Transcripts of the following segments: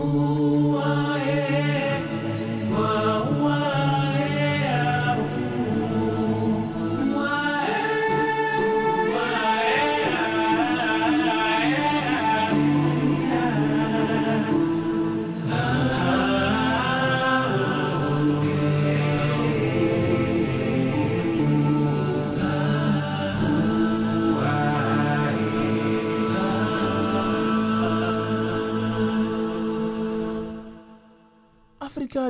Oh.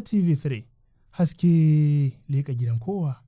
TV3 haske leƙa gidan kowa.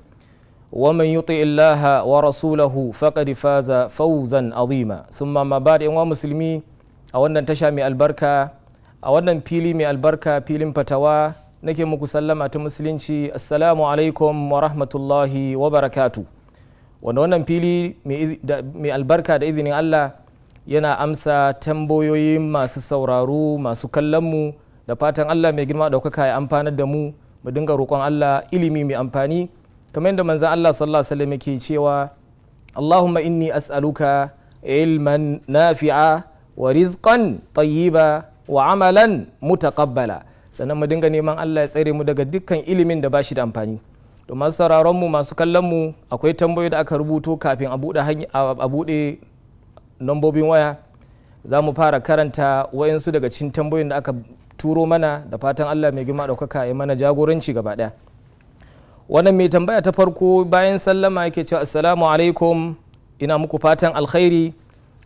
ومن يطع الله ورسوله فقد فاز فوزا عظيما ثم ما بعد ان مسلمي a wannan tasha mai albarka a wannan fili mai albarka filin fatawa nake muku sallama ta musulunci assalamu alaikum wa rahmatullahi wa barakatu wanda wannan fili mai albarka da izinin allah yana amsa tambayoyin masu sauraro masu mu da fatan allah mai girma ɗaukaka ya amfanar da mu mu dinga roƙon allah ilimi mai amfani kamar yadda manzan Allah sallallahu alaihi wasallam yake cewa Allahumma inni as'aluka ilman nafi'a wa rizqan tayyiba wa amalan mutaqabbala sannan mu dinga neman Allah ya tsare mu daga dukkan ilimin da bashi da amfani to masu sauraron mu masu kallon mu akwai tambayoyi da aka rubuto kafin a bude nambobin waya za mu fara karanta wayansu daga cikin tambayoyin da aka turo mana da fatan Allah mai girma daukaka ya mana jagoranci gaba daya. wannan mai tambaya ta farko bayan sallama yake cewa assalamu alaikum ina muku fatan alkhairi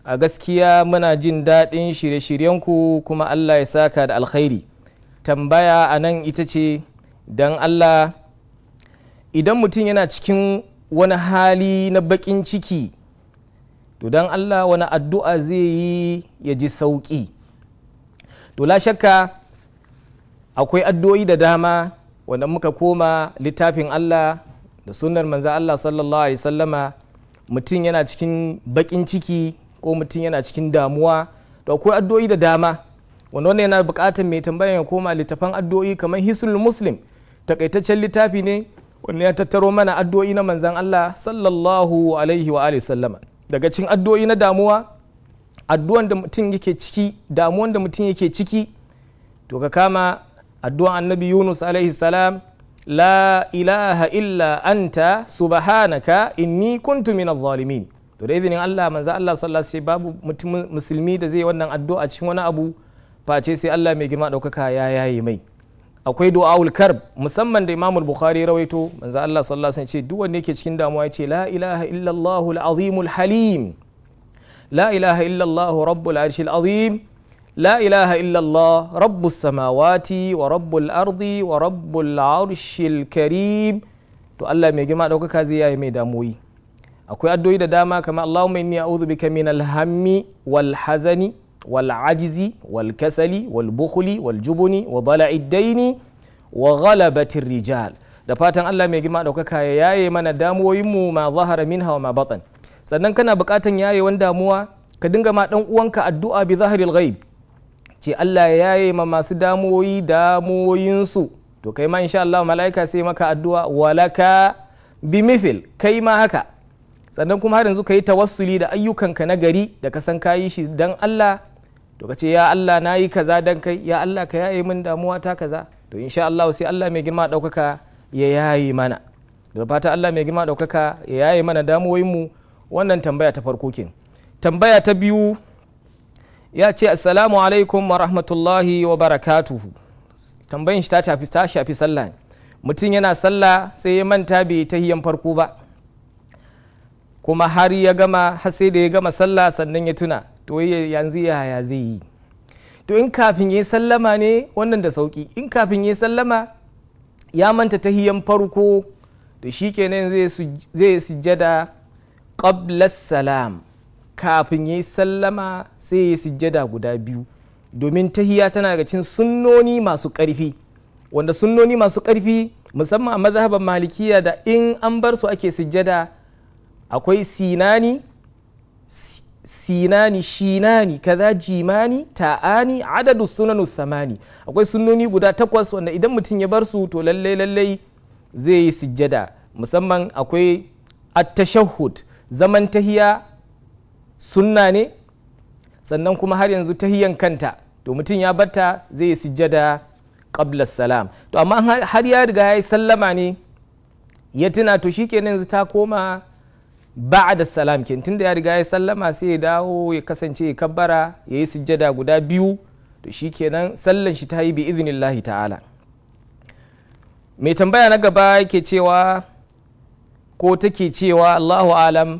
a gaskiya muna jin daɗin shirye-shiryenku kuma allah ya saka da alkhairi tambaya a nan ita ce don allah idan mutum yana cikin wani hali na baƙin ciki to don allah wani addu'a zai yi ya ji sauƙi to la shakka akwai addu'o'i da dama wanda muka koma littafin Allah da sunar manzo Allah sallallahu alaihi sallama mutum yana cikin bakin ciki ko mutum yana cikin damuwa da akwai addu'o'i da dama wanda wannan yana buƙatar mai tambaya ya koma littafan addu'o'i kamar hisul muslim takaitaccen littafi ne wanda ya tattaro mana addu'o'i na manzan Allah sallallahu alaihi wa alihi daga cikin addu'o'i na damuwa addu'an da mutum yake ciki damuwan da mutum yake ciki to ka kama addu'an annabi yunus alaihi salam la ilaha illa anta subhanaka inni kuntu min zalimin to da izinin Allah manzo Allah sallallahu alaihi babu mutum musulmi da zai wannan addu'a cikin wani abu face sai Allah mai girma daukaka ya yaye mai akwai du'aul karb musamman da imamul Bukhari rawaito manzo Allah sallallahu alaihi ce duk wanda yake cikin damuwa ce la ilaha illa Allahu al-azim al-halim la ilaha illa Allahu rabbul arshil azim la ilaha illallah rabbu samawati wa rabbul arzi, wa rabbul arshil karim to Allah mai girma ɗaukaka zai yaye mai damuwoyi akwai addu'o'i da dama kamar Allahumma inni a'udhu bika min alhammi wal hazani wal ajizi wal kasali wal bukhli wal jubuni wa dala'id daini wa ghalabatir rijal da fatan Allah mai girma ɗaukaka ya yaye mana damuwoyin mu ma zahara minha wa ma batan sannan kana buƙatan yayewan damuwa ka dinga ma dan uwanka addu'a bi zahiril ghaib ce Allah ya yaye ma masu damuwoyi damuwoyinsu to kai ma insha Allah mala'ika sai maka addu'a walaka bi mithil kai ma haka sannan kuma har yanzu ka yi tawassuli da ayyukanka na gari da ka san kayi shi dan Allah to ka ya Allah na yi kaza dan kai ya Allah ka yaye min damuwa ta kaza to insha Allah sai Allah mai girma daukaka ya yaye mana da fata Allah mai girma daukaka ya yaye mana damuwoyin mu wannan tambaya ta farko kin tambaya ta biyu ya ce assalamu alaikum wa rahmatullahi wa barakatuhu tambayin shi ta shafi sallah mutum yana sallah sai ya manta bai ta hiyan farko ba kuma har ya gama har sai da ya gama sallah sannan ya tuna to yanzu ya zai yi to in kafin ya sallama ne wannan da sauki in kafin ya sallama ya manta ta hiyan farko da shi kenan zai sujjada qabla salam kafin ya yi sallama sai ya yi sujjada guda biyu domin tahiya tana ga cin sunnoni masu ƙarfi wanda sunnoni masu ƙarfi musamman a mazhaban malikiya da in an bar su ake sujjada akwai sinani sinani shinani kaza jimani ta'ani adadu sunanu samani akwai sunnoni guda takwas wanda idan mutum ya bar su to lallai lallai zai yi sujjada musamman akwai at-tashahhud zaman tahiya sunna ne sannan kuma har yanzu ta hiyan kanta to mutum ya batta zai yi sujjada qabla salam to amma har ya riga ya sallama ne ya tuna to shikenan yanzu ta koma ba'da salam kin tunda ya riga ya sallama sai ya dawo ya kasance ya kabbara ya yi sujjada guda biyu to shikenan sallan shi ta yi bi idnillahi ta'ala mai tambaya na gaba yake cewa ko take cewa Allahu alam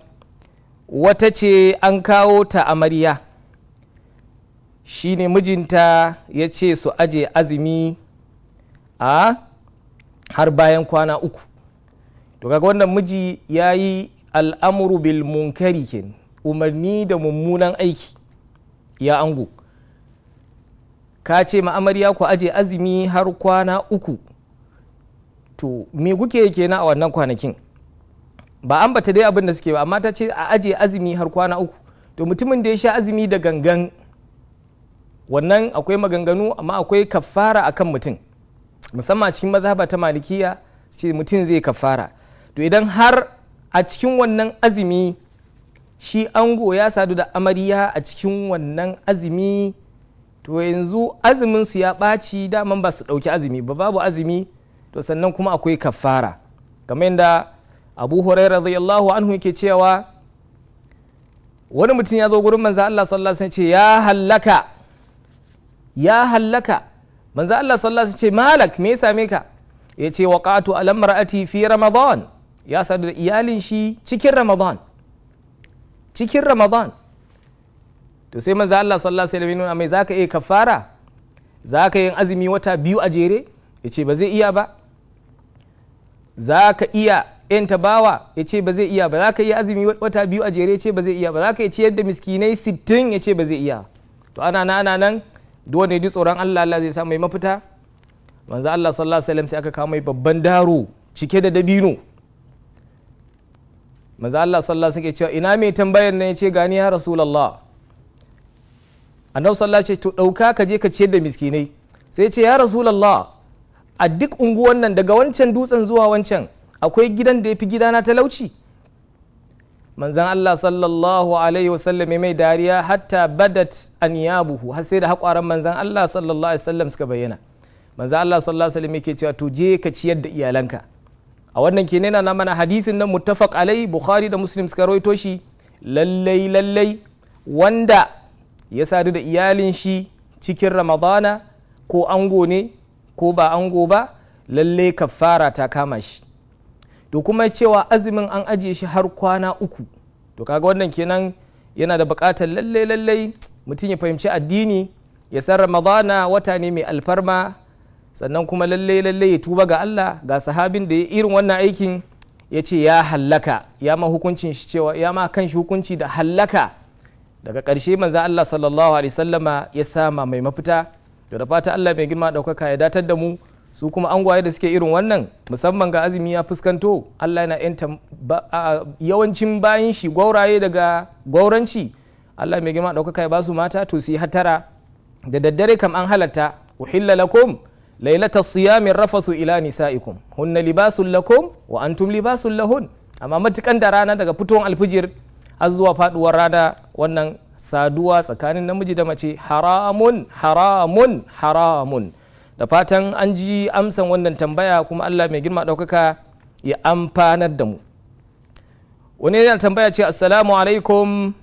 wata ce an kawo ta amarya shi ne mijinta ya ce su aje azumi a har bayan kwana uku to kaga wannan miji ya yi al'amuru bil munkari umarni da mummunan aiki ya ango ka ce ma amarya ku aje azumi har kwana uku to me kuke kenan a wannan kwanakin ba an bata dai abin da suke ba amma ta ce a aje azumi har kwana uku to mutumin da ya sha azumi da gangan wannan akwai maganganu amma akwai kafara kan mutum musamman cikin mazhaba ta malikiya ce mutum zai kafara to idan har a cikin wannan azumi shi ango ya sadu da amarya a cikin wannan azumi to yanzu azumin ya ɓaci daman ba su ɗauki azumi ba babu azumi to sannan kuma akwai kafara kamar yadda abu hurairah radiyallahu anhu yake cewa wani mutum ya zo gurin manzo Allah sallallahu alaihi wasallam ce ya hallaka ya hallaka manzo Allah sallallahu alaihi wasallam ce malak me ya same ka ya ce waqatu alam mar'ati fi ramadan ya sadu da iyalin shi cikin ramadan cikin ramadan to sai manzo Allah sallallahu alaihi wasallam nuna mai zaka yi kafara zaka yin azumi wata biyu a jere ya ce ba zai iya ba zaka iya ta bawa ya ce ba zai iya ba za ka yi azumi wata biyu a jere ce ba zai iya ba za ka yi ciyar da miskinai sittin ya ce ba zai iya to ana na ana nan duk ne tsoron Allah Allah zai samu mai mafita manzo Allah sallallahu alaihi wasallam sai aka kawo mai babban daro cike da dabino manzo Allah sallallahu alaihi wasallam cewa ina mai tambayar nan ya ce gani ya rasulullah annabi sallallahu alaihi ce to dauka ka je ka ciyar da miskinai sai ya ce ya rasulullah a duk unguwan nan daga wancan dutsen zuwa wancan akwai gidan da ya fi gidana talauci manzan Allah sallallahu alaihi wasallam mai dariya hatta badat yabuhu har sai da haƙwaran manzan Allah sallallahu alaihi wasallam suka bayyana manzan Allah sallallahu alaihi wasallam yake cewa to je ka ciyar da iyalanka a wannan kenan na mana hadithin nan muttafaq alai bukhari da muslim suka rawaito shi lallai lallai wanda ya sadu da iyalin shi cikin ramadana ko ango ne ko ba ango ba lallai kafara ta kama shi to kuma cewa azumin an ajiye shi har kwana uku to kaga wannan kenan yana da bukatar lalle lalle mutum ya fahimci addini ya san ramadana wata ne mai alfarma sannan kuma lalle lalle ya tuba ga Allah ga sahabin da ya irin wannan aikin ya ce ya hallaka ya ma hukuncin shi cewa ya ma kan shi hukunci da hallaka daga ƙarshe manzo Allah sallallahu alaihi wasallama ya sama mai mafita to da fata Allah mai girma ɗaukaka ya datar da mu su kuma angwaye da suke irin wannan musamman ga azumi ya fuskanto allah yana yanta yawancin bayan shi gwauraye daga gwauranci allah mai girma ɗaukaka ya basu mata to su yi hatara da daddare kam an halatta uhilla lakum lailata siyamin su ila nisa'ikum hunna libasun lakum wa antum libasun lahun amma matukan da rana daga fitowar alfijir har zuwa faduwar rana wannan saduwa tsakanin namiji da mace haramun haramun haramun da fatan an ji amsan wannan tambaya kuma allah mai girma ɗaukaka ya amfanar da mu wani yana tambaya ce assalamu alaikum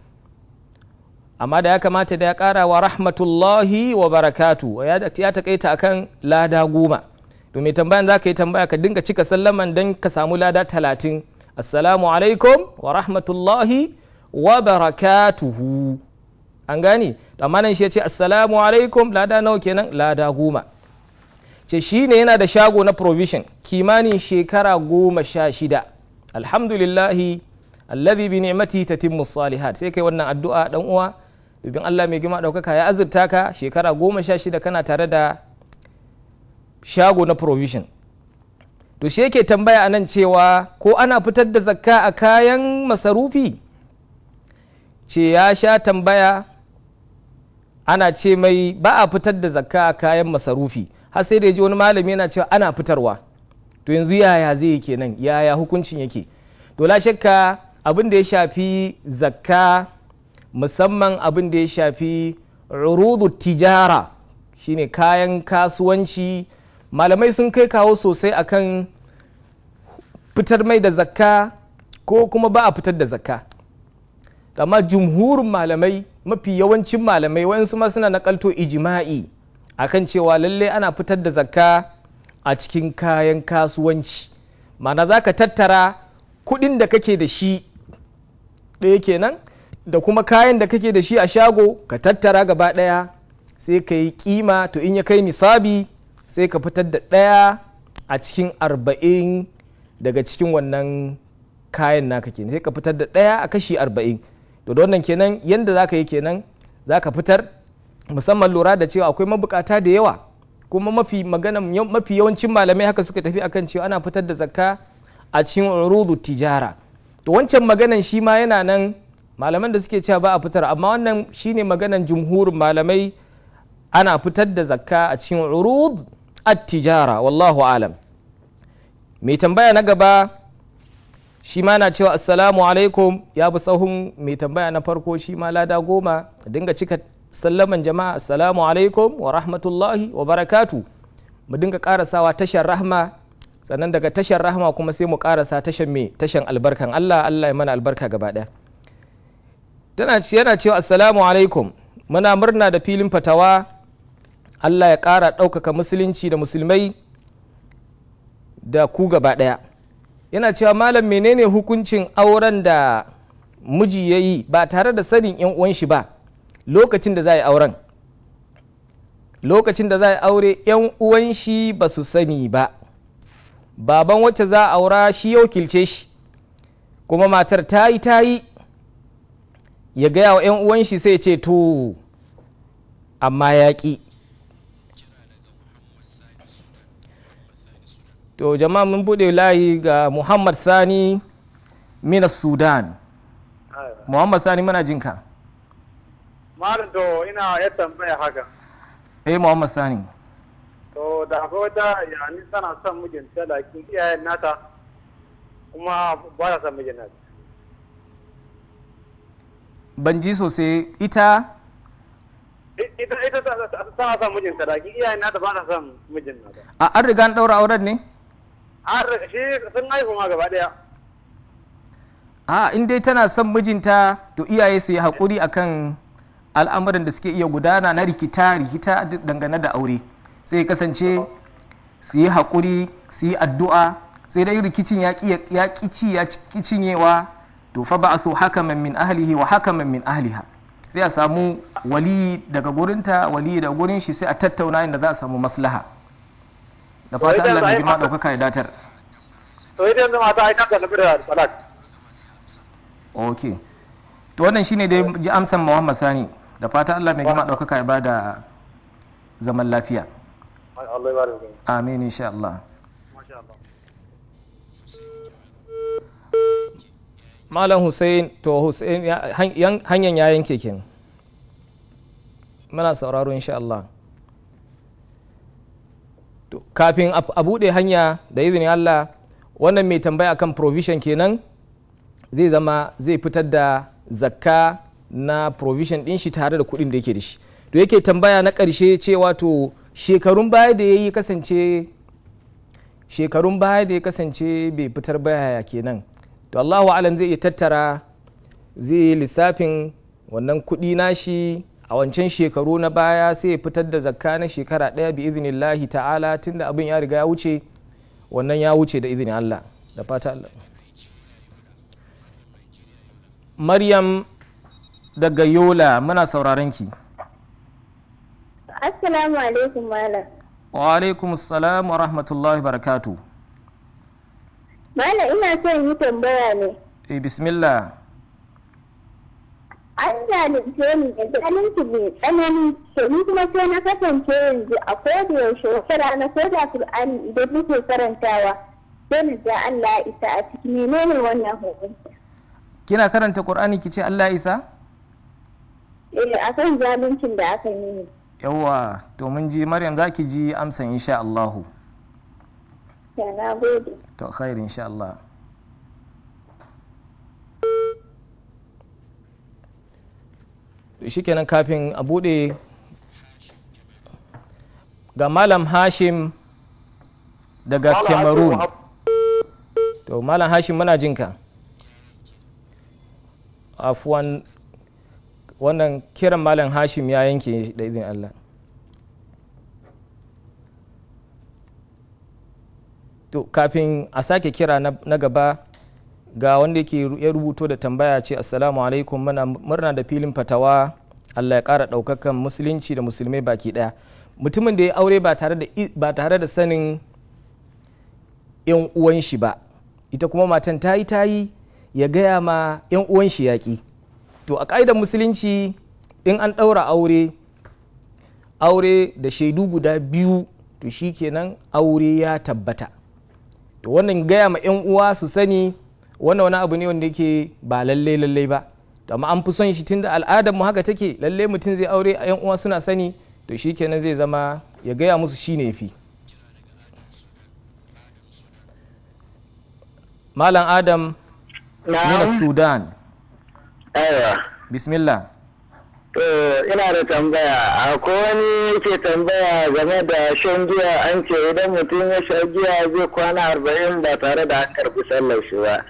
amma da ya kamata da ya kara wa rahmatullahi wa barakatu ya takaita akan lada goma domin tambayan za ka yi tambaya ka dinga cika sallaman don ka samu lada talatin assalamu alaikum wa rahmatullahi wa barakatuhu an gani amma nan shi ya ce assalamu alaikum lada nawa kenan lada goma ce shi ne yana da shago na provision kimanin shekara goma sha shida alhamdulillahi alladhi bi ni'mati tatimmu salihat sai kai wannan addu'a dan uwa domin Allah mai gima daukaka ya azurta ka shekara goma sha shida kana tare da shago na provision to shi yake tambaya a nan cewa ko ana fitar da zakka a kayan masarufi ce ya sha tambaya ana ce mai ba a fitar da zakka a kayan masarufi har sai da ya ji wani malami yana cewa ana fitarwa to yanzu yaya zai yi kenan yaya hukuncin yake to la shakka abin da ya shafi zakka musamman abin da ya shafi urudu tijara shine kayan kasuwanci malamai sun kai kawo sosai akan fitar mai da zakka ko kuma ba a fitar da zakka amma jumhurin malamai mafi yawancin malamai wayansu ma suna nakalto ijima'i akan cewa lalle ana fitar da zakka a cikin kayan kasuwanci mana za ka tattara kudin da kake da shi ɗaya kenan da kuma kayan da kake da shi a shago ka tattara gaba ɗaya sai ka yi kima to in ya kai nisabi sai ka fitar da ɗaya a cikin arba'in daga cikin wannan kayan naka kenan sai ka fitar da ɗaya a kashi arba'in to da wannan kenan yadda za ka yi kenan za ka fitar musamman lura da cewa akwai mabukata da yawa kuma mafi magana mafi yawancin malamai haka suka tafi akan cewa ana fitar da zakka a cikin urudu tijara to wancan maganan shi ma yana nan malaman da suke cewa ba a fitar amma wannan shine maganan jumhurin malamai ana fitar da zakka a cikin urud at-tijara wallahu alam mai tambaya na gaba shi ma na cewa assalamu alaikum ya bi tsahon mai tambaya na farko shi ma lada goma dinga cika sallaman jama'a assalamu alaikum wa rahmatullahi wa barakatu mu dinga karasawa tashar rahma sannan daga tashar rahma kuma sai mu karasa tashar me tashar albarkan Allah Allah ya mana albarka gaba tana yana cewa assalamu alaikum muna murna da filin fatawa Allah ya kara ɗaukaka musulunci da musulmai da ku gaba ɗaya yana cewa malam menene hukuncin auren da miji ya yi ba tare da sanin yan uwan shi ba lokacin da za a yi auren lokacin da za a yi aure yan uwan shi ba su sani ba baban wacce za a aura shi ya wakilce shi kuma matar ta yi ta yi ya gaya wa yan uwan shi sai ce to amma ya ƙi to jama'a mun buɗe layi ga muhammad sani minas sudan muhammad sani muna jinka malam to ina ya tambaya haka eh muhammad sani to da akwai wata yani tana son mijinta da kin iyayen nata kuma ba ta son mijin nata ban ji sosai ita ita ita tana son mijinta da kin iyayen nata ba ta son mijin nata a an riga an daura auren ne an shi sun haihu ma gaba daya a in dai tana son mijinta to iyaye su yi haƙuri akan al'amuran da suke iya gudana na rikita rikita dangane da aure sai kasance su yi haƙuri su yi addu'a sai dai rikicin ya ƙici ya cinyewa to fa ba a so hakaman min ahlihi wa hakaman min ahliha sai a samu wali daga gurinta wali daga gurin shi sai a tattauna inda za a samu maslaha da fata Allah mai girma ɗaukaka ya datar to idan yanzu nabi da okay to wannan shine dai ji amsan Muhammad Sani da fatan Allah mai gima ɗaukaka ya bada zaman lafiya amin insha Allah Malam Hussein to Hussein hanyar ya yanke kin muna sauraro insha Allah kafin a buɗe hanya da izinin Allah wannan mai tambaya kan provision kenan zai zama zai fitar da zakka na provision din shi tare da kuɗin da yake da shi to yake tambaya na ƙarshe cewa to shekarun baya da ya yi kasance shekarun baya da ya kasance bai fitar baya kenan to allahu alam zai iya tattara zai yi lissafin wannan kuɗi nashi a wancan shekaru na baya sai ya fitar da zakka na shekara ɗaya bi iznillahi ta'ala tunda abin ya riga ya wuce wannan ya wuce da izinin allah da fata allah maryam daga yola muna sauraron ki assalamu alaikum malam wa alaikum assalam wa rahmatullahi barakatu malam ina son yi tambaya ne eh bismillah an zalunce ni da zalunci mai tsanani to ni kuma sai na kasance yanzu a koda yaushe wata na koda da qur'ani idan nake karantawa sai na ja Allah isa a cikin menene wannan hukunci kina karanta qur'ani kici Allah isa eh akan zaluncin da aka yi yawa to mun ji maryam za ki ji amsan insha Allahu na gode to khair insha Allah shikenan kafin a bude ga malam hashim daga cameroon to malam hashim muna jinka afuwan wannan kiran malam hashim ya yanke da izin allah to kafin a sake kira na gaba ga wanda yake ya rubuto da tambaya ce assalamu alaikum muna murna da filin fatawa allah ya kara ɗaukakan musulunci da musulmai baki ɗaya mutumin da ya aure ba tare da sanin yan uwan ba ita kuma matan ta yi ta yi ya gaya ma yan uwan shi yaƙi to a ƙa'idar musulunci in an ɗaura aure aure da shaidu guda biyu to shi aure ya tabbata to wannan gaya ma 'yan uwa su sani wannan wani abu ne wanda yake ba lalle lalle ba to amma an fi son shi tunda al'adar mu haka take lallai mutum zai aure a 'yan uwa suna sani to shi zai zama ya gaya musu shi ne fi malam adam na sudan bismillah ina da tambaya ko wani yake tambaya game da shan giya an ce idan mutum ya sha giya zai kwana arba'in ba tare da an karbi sallar shi ba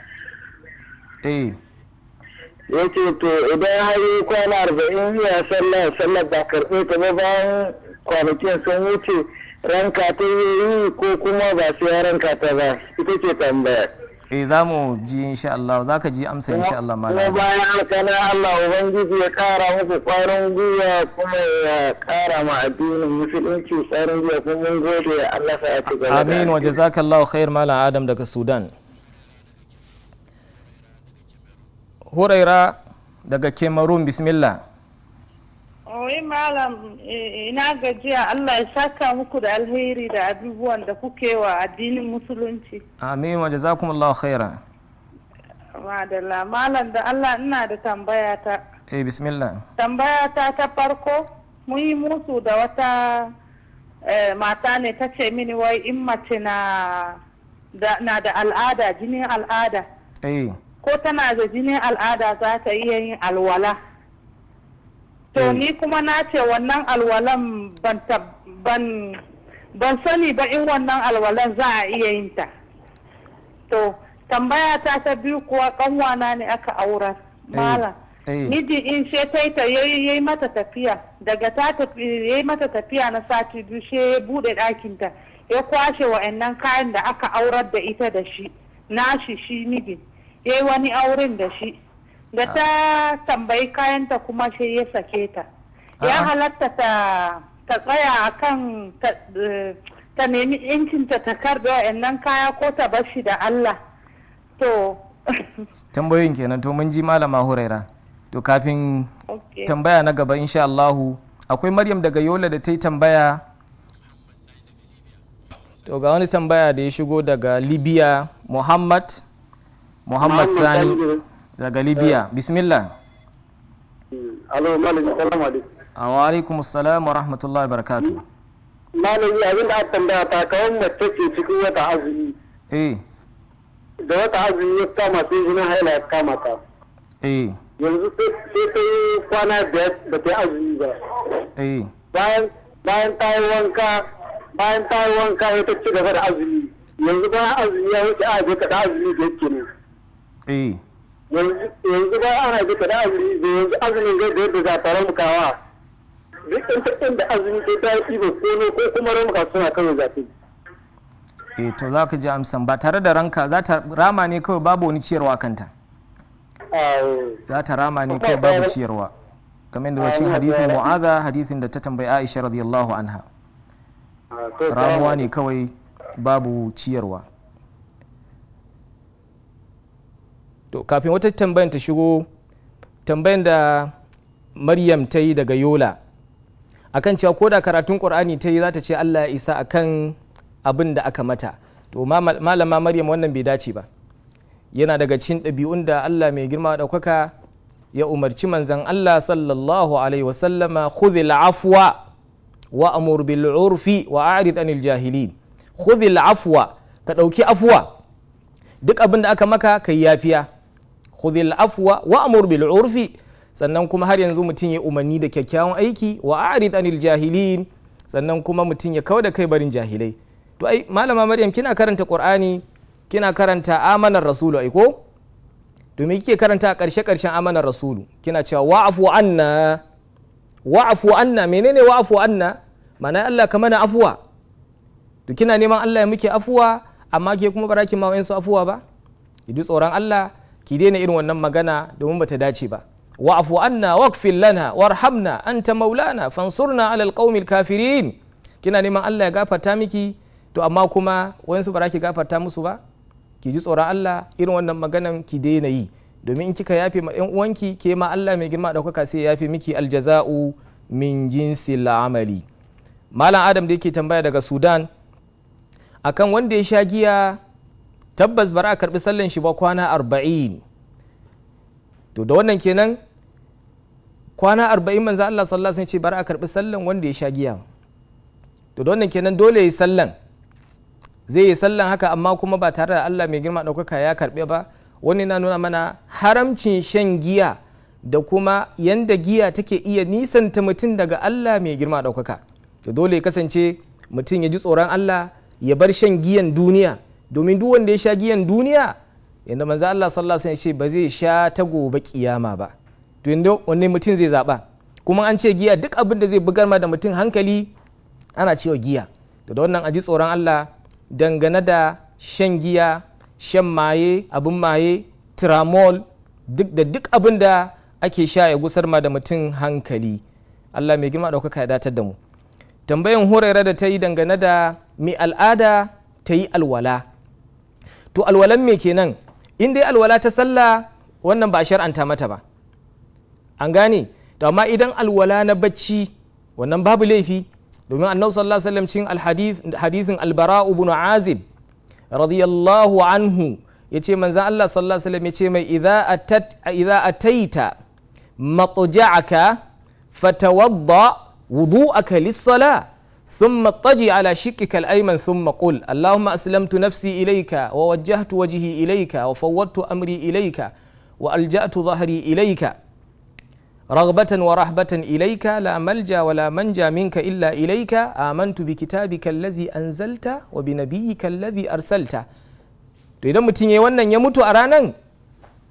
eh. ya ce to idan har yi kwana arba'in ya sallar sallar ba karbe ta ba bayan kwanakin sun wuce ranka ta yi ko kuma ba sai ranka ta ba ita ce tambaya eh za mu ji insha Allah za ka ji amsa insha Allah malam kuma bayan haka na Allah ubangiji ya kara muku kwarin gwiwa kuma ya kara ma addinin musulunci tsarin gwiwa kuma mun gode Allah sa ya ci gaba amin wa jazakallahu khair malam Adam daga Sudan Huraira daga Kemarun bismillah Oi malam eh, ina gajiya Allah ya saka muku da alheri da abubuwan da kuke wa addinin musulunci. Amin wa jazakumullahu khaira. Madalla malam da Allah ina da tambaya ta. Eh bismillah. Tambaya ta ta farko mun yi musu da wata eh, mata ne ta ce mini wai in mace na da al'ada jinin al'ada. Eh. Ko tana da jinin al'ada za ta iya yin alwala. to eh. ni kuma na ce wannan alwalan ban ban ban sani ba in wannan alwalan za a iya yin ta to tambaya ta ta biyu kuwa kanwana ne aka aura eh, malam eh. miji in she ta ta yayi mata tafiya daga ta ya yayi mata tafiya na sati biyu she ya buɗe ɗakin ta ya kwashe wa'annan kayan da aka aurar da ita da shi nashi shi miji yayi wani auren da shi da ta tambayi kayanta kuma shi ya sake ta ya halatta ta tsaya a kan ta eh, nemi incinta ta takarda nan kaya ko ta bashi da Allah to tambayoyin kenan to mun ji malama huraira to kafin tambaya na gaba insha Allahu akwai maryam daga yola da ta yi tambaya to ga wani tambaya da ya shigo daga libya muhammad muhammad sani daga libya eh. bismillah hmm. alo malam salamu alaikum ah, wa wa rahmatullahi barakatu malam abin da aka tambaya ta kawon mace ce cikin wata azumi eh da wata azumi ya kama sai jinin haila ya kama ta eh yanzu sai ta yi kwana biyar da ta azumi ba eh bayan ta yi wanka bayan ta yi wanka ya ta ci gaba da azumi yanzu bayan azumi ya wuce a je ka da azumi da yake ne eh yanzu ba ana duka da azumi da yanzu azumin zai da yadda za ta ramukawa duk ɗan da azumi ko ta yi ba ko ko kuma ramuka suna kawai zafi e to za ka ji amsan ba tare da ranka za ta rama ne kawai babu wani ciyarwa kanta za ta rama ne kawai babu ciyarwa kamar da wacin hadithin mu'aza hadithin da ta tambayi aisha radiyallahu anha ramuwa ne kawai babu ciyarwa to kafin wata tambayan ta shigo tambayan da maryam ta yi daga yola akan cewa ko da karatun qur'ani ta yi za ta ce allah ya isa akan abin da aka mata to malama maryam wannan bai dace ba yana daga cikin ɗabi'un da allah mai girma ɗaukaka ya umarci manzan allah sallallahu alaihi wasallama khudhil afwa wa amur bil urfi wa a'rid anil jahilin afwa ka ɗauki afuwa duk abin da aka maka ka yi yafiya khudhil afwa wa amur bil urfi sannan kuma har yanzu mutum ya umarni da kyakkyawan aiki wa a'rid anil jahilin sannan kuma mutum ya kawo da kai barin jahilai to ai malama maryam kina karanta qur'ani kina karanta amanar rasulu ai ko to me kike karanta a karshe karshen amanar rasulu kina cewa wa'fu anna wa'fu anna menene wa'fu anna ma'ana Allah ka mana afuwa to kina neman Allah ya muke afuwa amma ke kuma baraki ma wa'ansu afuwa ba ki ji tsoron Allah ki daina irin wannan magana domin bata dace ba afu anna waqfil lana warhamna anta maulana fansurna alal qaumil kafirin kina neman Allah ya gafarta miki to amma kuma wayansu ba ki gafarta musu ba ki ji tsoron Allah irin wannan maganan ki daina yi domin in kika yafe ma ɗan uwanki ke ma Allah mai girma ɗaukaka sai ya yafe miki aljaza'u min jinsi la'amali malam adam da yake tambaya daga sudan akan wanda ya sha giya tabbas bara a karbi sallan shi ba kwana arba'in to da wannan kenan kwana arba'in manzo Allah sallallahu alaihi wasallam ce bara a karbi sallan wanda ya sha giya to da wannan kenan dole yi sallan zai yi sallan haka amma kuma ba tare da Allah mai girma daukaka ya karbe ba wani na nuna mana haramcin shan giya da kuma yanda giya take iya nisanta mutum daga Allah mai girma ɗaukaka to dole ya kasance mutum ya ji tsoron Allah ya bar shan giyan duniya domin duk wanda ya sha giyan duniya yadda manzo Allah sallallahu alaihi wasallam ya ba zai sha ta gobe kiyama ba to inda wanne mutum zai zaba kuma an ce giya duk abin da zai bugar ma da mutum hankali ana cewa giya to da wannan aji tsoron Allah dangane da shan giya shan maye abin maye tramol duk da duk abin da ake sha ya gusar ma da mutum hankali Allah mai gima ɗaukaka ya datar da mu tambayan horaira da ta yi dangane da mai al'ada ta yi alwala to alwalan me kenan in dai alwala ta sallah wannan ba a shar'anta mata ba an gane to amma idan alwala na bacci wannan babu laifi domin annabi sallallahu alaihi wasallam cin alhadith hadithin albara ibn azib radiyallahu anhu yace manzon Allah sallallahu alaihi wasallam yace mai idza atat idza ataita matja'aka fatawadda wudu'aka lis-salah ثم اضطجع على شقك الأيمن ثم قل اللهم أسلمت نفسي إليك ووجهت وجهي إليك وفوضت أمري إليك وألجأت ظهري إليك رغبة ورهبة إليك لا ملجأ ولا منجا منك إلا إليك آمنت بكتابك الذي أنزلت وبنبيك الذي أرسلت idan mutum ya wannan ya mutu a ranan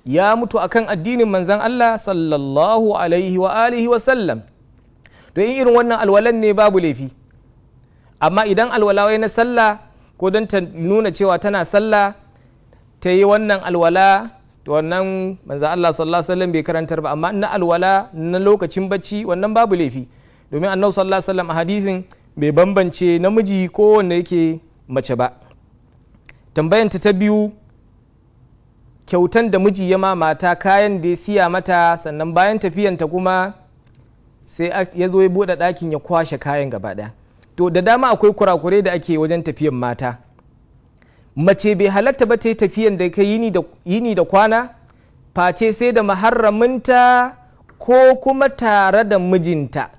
ya mutu akan addinin manzan Allah sallallahu alaihi wa alihi wa sallam to in irin wannan alwalan ne babu laifi amma idan alwala wai na sallah ko don ta nuna cewa tana sallah ta yi wannan alwala to wannan manzo Allah sallallahu alaihi wasallam bai karantar ba amma na alwala na lokacin bacci wannan babu laifi domin annabi sallallahu alaihi wasallam a hadisin bai bambance namiji ko wanda yake mace ba tambayanta ta biyu kyautan da miji ya mamata kayan da ya siya mata sannan bayan tafiyanta kuma sai ya zo ya buɗe ɗakin ya kwashe kayan gaba ɗaya to da dama akwai kurakure da ake wajen tafiyan mata mace bai halatta ba ta yi tafiyan da ka yini da kwana face sai da maharraminta ko kuma tare da mijinta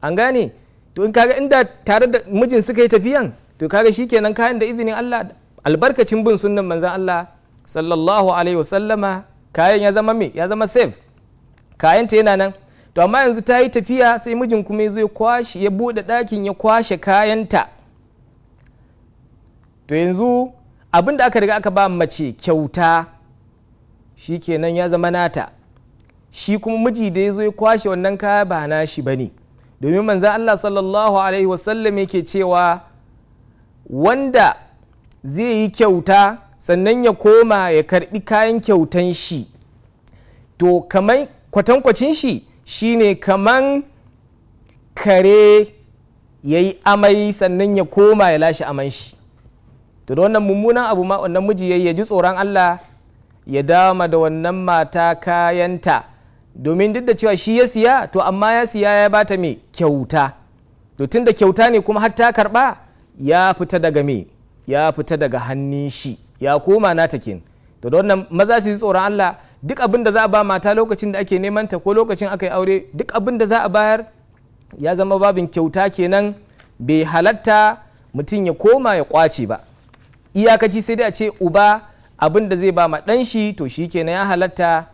an gane to in kaga inda tare da mijin suka yi tafiyan to kaga shi shikenan kayan da izinin Allah albarkacin bin sunnan manzan Allah sallallahu alaihi wasallama kayan ya zama me ya zama safe kayanta yana nan to amma yanzu ta yi tafiya sai mijin kuma ya zo ya kwashe ya buɗe ɗakin ya kwashe kayanta to yanzu abin da aka riga aka ba mace kyauta shi kenan ya zama nata shi kuma miji da ya zo ya kwashe wannan kaya ba na shi ba ne domin manzan Allah sallallahu alaihi wasallam yake cewa wanda zai yi kyauta sannan ya koma ya karbi kayan kyautan shi to kamar kwatankwacin shi shine kaman kare ya yi amai sannan ya koma ya lashe aman shi to da wannan mummunan abu ma wannan miji ya ji tsoron Allah ya dama da wannan mata kayanta domin duk da cewa shi ya siya to amma ya siya ya bata mai kyauta to tun da kyauta ne kuma har ta karba ya fita daga me ya fita daga hannun shi ya koma nata kin to da wannan maza shi ji tsoron Allah duk abin da za a ba mata lokacin da ake neman ta ko lokacin aka yi aure duk abin da za a bayar ya zama babin kyauta kenan bai halatta mutum ya koma ya kwace ba iyakaci sai dai a ce uba abin da zai ba ma ɗan shi to shi kenan ya halatta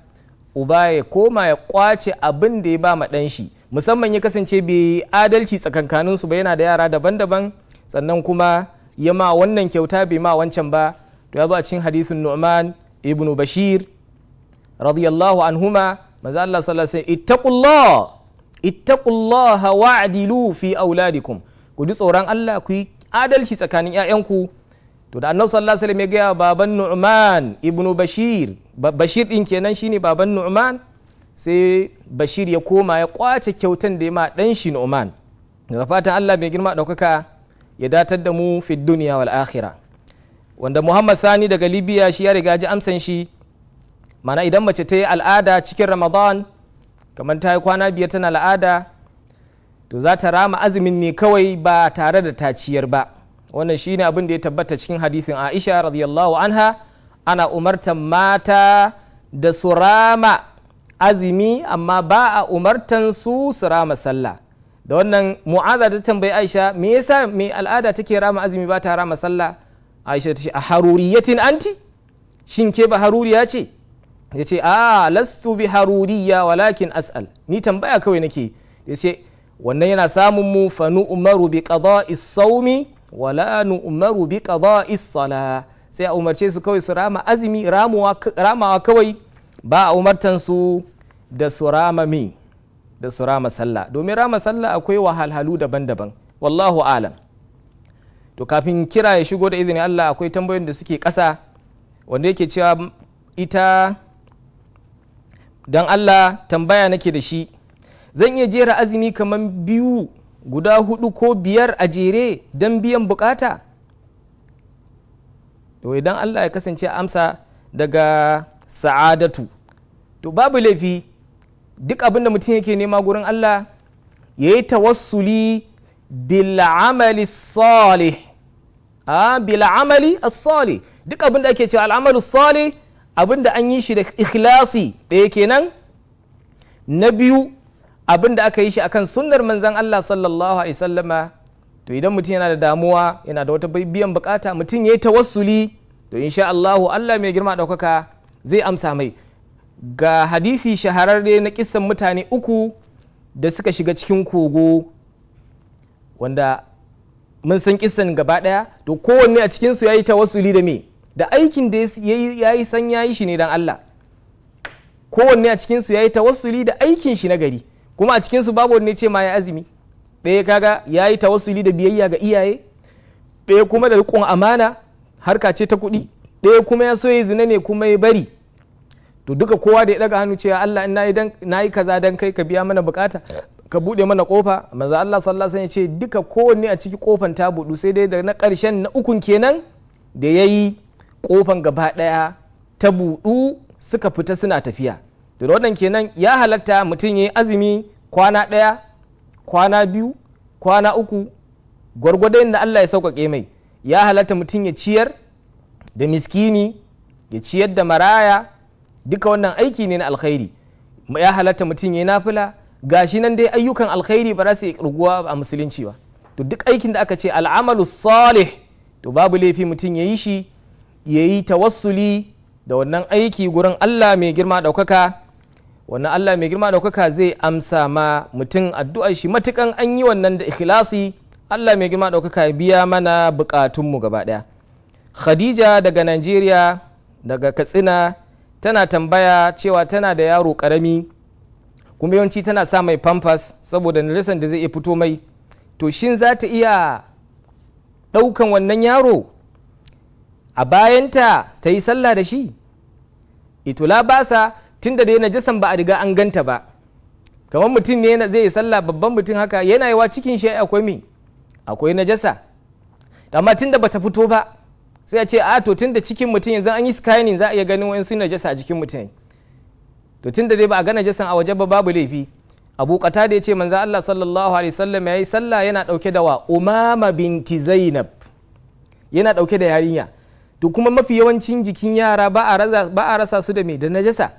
uba ya koma ya kwace abin da ya ba ma ɗan shi musamman ya kasance bai adalci su ba yana da yara daban-daban sannan kuma ya ma wannan kyauta bai ma wancan ba to ya zo a cikin hadisin nu'man ibnu bashir radiyallahu anhuma manzo Allah sallallahu alaihi wasallam ittaqullah ittaqullaha wa'dilu fi auladikum ku tsoron Allah ku adalci tsakanin ƴaƴanku to da annabi sallallahu alaihi wasallam ya gaya baban nu'man ibnu bashir bashir ɗin kenan shine baban nu'man sai bashir ya koma ya kwace kyautan da ya ma dan shi nu'man da fatan Allah mai girma ɗaukaka ya datar da mu fi duniya wal akhirah wanda Muhammad Sani daga libiya shi ya riga ji amsan shi mana idan mace ta yi al'ada cikin ramadan kamar ta yi kwana biyar tana al'ada to za ta rama azumin ne kawai ba tare da taciyar ba wannan shi ne abin da ya tabbata cikin hadithin aisha radiyallahu anha ana umartan mata da su rama azumi amma ba a umartan su su rama sallah da wannan mu'aza ta tambayi aisha me yasa mai al'ada take rama azumi ba ta rama sallah aisha ta ce a haruriyatin anti shin ke ba haruriya ce ya ce a ah, lastu bi haruriya walakin as'al ni tambaya kawai nake ya ce wannan yana samun mu fa nu'maru bi qada'i sawmi wala nu'maru bi qada'i sala sai a umarce su kawai su rama azumi ramawa kawai ba a umartan su da su rama da su rama sallah domin rama sallah akwai wahalhalu daban-daban wallahu alam to kafin kira ya shigo da izini Allah akwai tambayoyin da suke ƙasa wanda yake cewa ita don allah tambaya nake da shi zan iya jera azumi kamar biyu guda hudu ko biyar a jere don biyan bukata to idan allah ya kasance amsa daga sa'adatu to babu laifi duk abinda mutum yake nema gurin allah ya yi tawassuli bil'amali salih a ah, bil'amali salih duk abinda ake cewa al'amalu salih abin da an yi shi da ikhlasi ɗaya kenan na biyu abin da aka yi shi akan sunnar manzan Allah sallallahu alaihi sallama to idan mutum yana da damuwa yana da wata biyan bukata mutum ya yi tawassuli to insha Allahu Allah mai girma ɗaukaka zai amsa mai ga hadisi shahararre na kisan mutane uku da suka shiga cikin kogo wanda mun san kisan gaba ɗaya to kowanne a cikinsu ya yi tawassuli da me da aikin da ya yi san ya yi shi ne don Allah kowanne a cikinsu ya yi tawassuli da aikin shi na gari kuma a cikinsu babu wanne ce ma ya azumi ɗaya kaga ya yi tawassuli da biyayya ga iyaye ɗaya kuma da rikon amana harka ce ta kuɗi ɗaya kuma ya so ya zina ne kuma ya bari to duka kowa da ya ɗaga hannu cewa Allah in na yi kaza dan kai ka biya mana bukata ka buɗe mana kofa manzo Allah sallallahu alaihi wasallam ya ce duka kowanne a ciki kofan ta buɗu sai dai da na ƙarshen na ukun kenan da ya yi kofan gaba ɗaya ta buɗu suka fita suna tafiya da wannan kenan ya halatta mutum ya azumi kwana ɗaya kwana biyu kwana uku gwargwadon da Allah ya sauƙaƙe mai ya halatta mutum ya ciyar da miskini ya ciyar da maraya duka wannan aiki ne na alkhairi ya halatta mutum ya yi ga shi nan dai ayyukan alkhairi ba za su yi kirguwa a musulunci ba to duk aikin da aka ce al'amalu salih to babu laifi mutum ya yi shi ya yi tawassuli da wannan aiki gurin Allah mai girma ɗaukaka wannan Allah mai girma ɗaukaka zai amsa ma mutum addu'ar shi matukan an yi wannan da ikhlasi Allah mai girma ɗaukaka biya mana buƙatunmu gaba ɗaya Khadija daga Najeriya daga Katsina tana tambaya cewa tana da yaro karami kuma yawanci tana sa mai pampas saboda nilisan da zai iya fito mai to shin za ta iya ɗaukan wannan yaro a bayanta ta yi sallah da shi itula basa tun da na najasan ba a riga an ganta ba kamar mutum ne zai yi sallah babban mutum haka yana yawa cikin shi akwai mi akwai najasa amma tun da bata fito ba sai a ce a ah, to tun da cikin mutum yanzu an yi scanning za a iya ganin na najasa a jikin mutum to tun da dai ba a ga najasan a waje ba babu laifi abu kata da ya ce manza Allah sallallahu alaihi wasallam ya yi sallah yana dauke da wa umama binti zainab yana dauke da yarinya to kuma mafi yawancin jikin yara ba a rasa su da mai da najasa